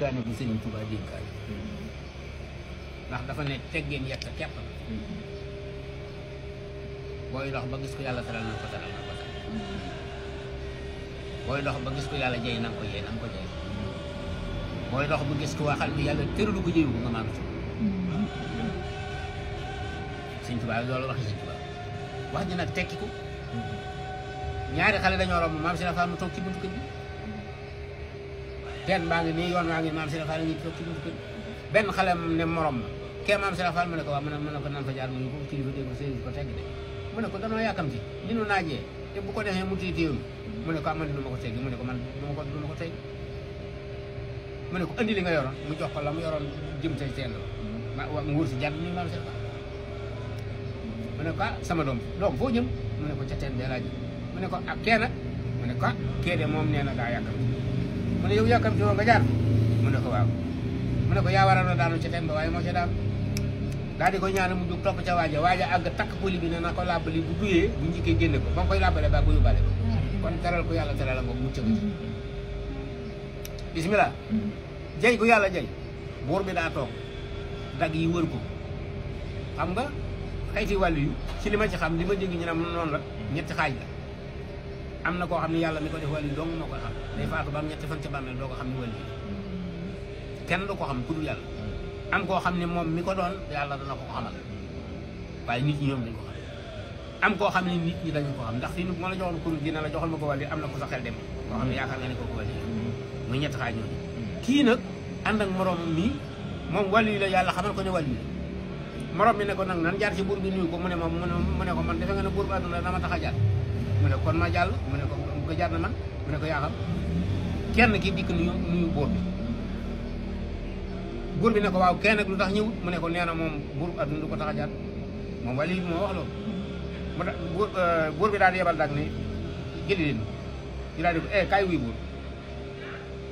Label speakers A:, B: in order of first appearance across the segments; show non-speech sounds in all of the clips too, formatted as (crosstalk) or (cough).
A: daana ko sëriñ Tuubaa dénkaane ndax dafa ne teggeen yekk kepp la booy dox ba gis ko yàlla taral na ko taral na ko taral bagus dox ba gis ko yàlla jey na nga ko jey na nga ko jey booy dox ba gis ko waxal bi yàlla tëralu ko jëyu nga teen baa ngi nii yoon waa ngi maam Sëriñ Fall ngi toog ci buntu kër benn xale ne morom ma kee maam mu ne ko waaw mu ne ko nan fa jaar mu ne ko kilifa dégg sëriñ ko tegg de mu ne ko danoo yàkkamti li te ko defee mu tii téewlu mu ne ma ko tegg mu ne ko man du ma ko du ma ko tegg mu ne ko andi li nga yoroon mu jox ko la mu yoroon jëm sa teen la ma nguur si jaar nii maam Sëriñ Fall ah, sama doom doom foo jëm mu ne ko ca teen bee laa jëm mu ne ko ak ah, kee mu ne ko ah kee de moom nee na daa yàkkamti mu ne yow yàkkamti woo nga jaar mu ne ko waaw mu ne ko yaa waroon a daanu ci tem ba waaye moo ci daanu daal di ko ñaanal mu jóg topp ca waaja waaja àgg takk poli bi ne na ko làbbali bu duyee bu njëkkee génne ko ba nga koy làbbale ba ko yóbbaale ko kon teral ko yàlla teral ko mu ko ci bismillah jay ko yàlla jay buur bi daa toog dagg yi wër ko xam nga xayti wàll yu ci li ma ci xam li ma dégg ñu ne noonu la ñetti xaaj la am na koo xam ne yàlla mi ko def doo dong moo koy xam day faatu ba am ñetti fan ca bàmmeel doo ko xam ne wàllu kenn du ko xam ku dul yàlla am koo xam ne moom mi ko doon yàlla dana ko ko xamal waaye nit ñi ñoom dañ ko koo xam ne nit ñi dañu ko xam ndax fii moo la joxoon kur dina la joxal ma ko wàllu am na ko sa xel dem koo xam ne yaakaar nga ne ko ko wàllu muy ñett xaa ñooñu kii nag ànd ak moroomam mii moom yi la yàlla xamal ko ne wàllu morom mi ne ko nag nan jaar ci buur bi nuyu ko mu ne ma mu ne ko man defe nga ne buur bi tax a jaar mu ne kon ma jàll mu ne ko ko jaar na man mu ne ko yaa kenn ki dikk nuyu nuyu buur bi buur bi ne ko waaw kenn nag lu tax ñëwut mu ne ko nee na moom buur adduna du ko tax a jaar moom wali bi mu da buur bi daal di yebal daal ne jëli leen ñu eh,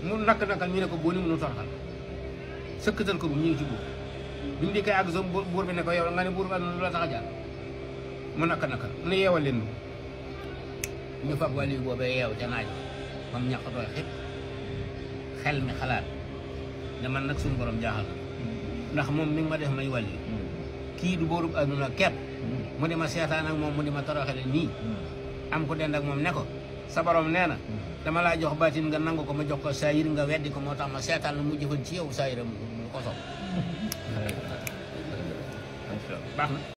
A: mu ñu ne ko boo ni mënu torxal sëkkatal ko bu ñu ci buur bi mu dikkee buur bi ne ko yow nga ne buur adduna du la tax a jaar mu nakk nakal mu ne yeewal leen mu fab wàlliyu boobee yeew ca naaj moom ñàkk tooy xel mi xalaat ne man nag suñu borom jaaxal ndax moom mi ma def may wàlliyu kii du boorub adduna kepp mu dem a seetaan ak moom mu di ma toroxale nii am ko dend moom ne ko sa borom nee na dama laa jox baatin nga nangu ko ma jox ko saayir nga weddi ko moo tax ma seetaan lu mu jëfan ci yow saayiram mu ko (laughs)